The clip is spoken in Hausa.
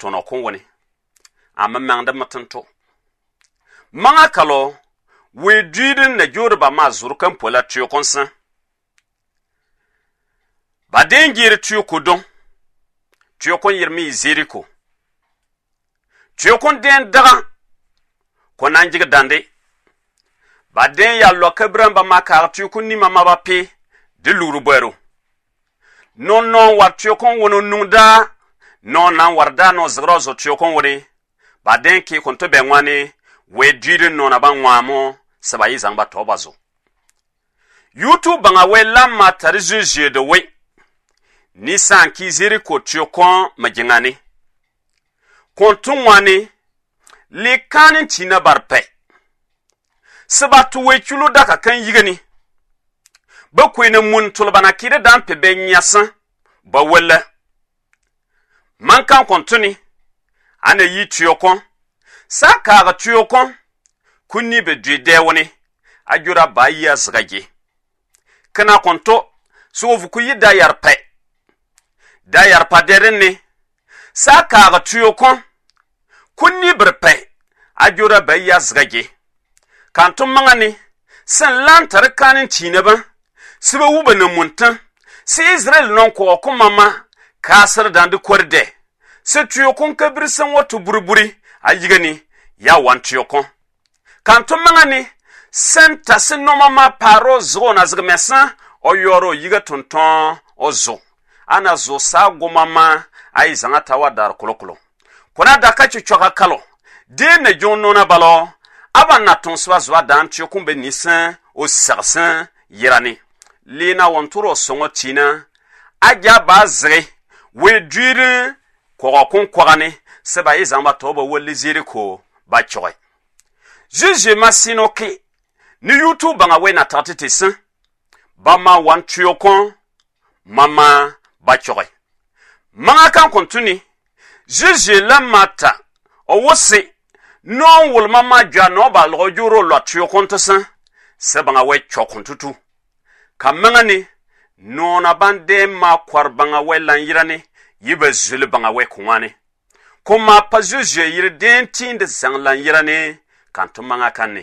tõna kõ wʋne a me mɛngdame tẽn tʋ maŋa kalo wɩɩ dũid n na joodba maa zʋrkã n pola tɩʋk n sẽ ba deen geer tɩʋko dõng tɩʋk n yɩr me y zeriko tɩʋk n dẽen dagã kõ na n yig dãnde ba dẽen yaa lɔka brãmba maa kaag tɩʋk ma ba pɩ dɩ lugr bɔɛro non-non wa tɩʋk n wʋn n no na warda no zigrɔ zotio kon ba den ki kun to bɛ ŋwani we dwiri no na ba ŋwaamu saba yi zaŋ ba tɔ ba zo yutu baŋa we lamma tari zuzie de we ni sãn ki ziri ko tio kon ma jiŋani kun tu ŋwani li kaanin tina bari pɛ saba tu we culo da ka kan yigini ba ne mun tulbana kiri dan pe bɛ nyɛsẽ ba wele mankan kontuni ana yi tuyokon sa kaaga tuyokon kunni be dwe dɛɛwuni a jura ba yi siga kana kina konto sogofu ku yi da yarpɛ da pa dɛrin ni sa kaaga tuyokon kunni bir pɛ a jura baa yia siga ge kantu ni sin lan tari kaanin tiinaba ba wuba na si israel non ko kuma ma kasar dandi korde se tuyokon kabir san wato burburi a yigani ya wan tuyokon kanto mangani sen ta se noma ma paro zo na zig mesan o yoro yiga tonton o zo ana zo sa goma ma ai zanga tawa dar kolokolo Kuna da ka chuchoka kalo de ne jonno na balo aba na ton swa zwa dan tuyokon be nisan o sarsan yirani lena wontoro songo tina aja ba zre we dwirin kogo kun kogani se ba izan ba ko ba choy jiji masino ki ni youtube banga we na tatiti sin ba ma wan tuyo kon mama ba choy manga kan kontuni jiji la mata o wosi non wol mama jwa no ba logo juro lo tuyo kon tesin se banga we chokon tutu kamanga ni noona ban deem maa kɔr baŋa wɛ lan yira ni yi ba zuli baŋa wɛ kuŋa ni ko maa pa zozoe yiri deen tiindi zaŋ lan yira ni kan tu maŋa kan ni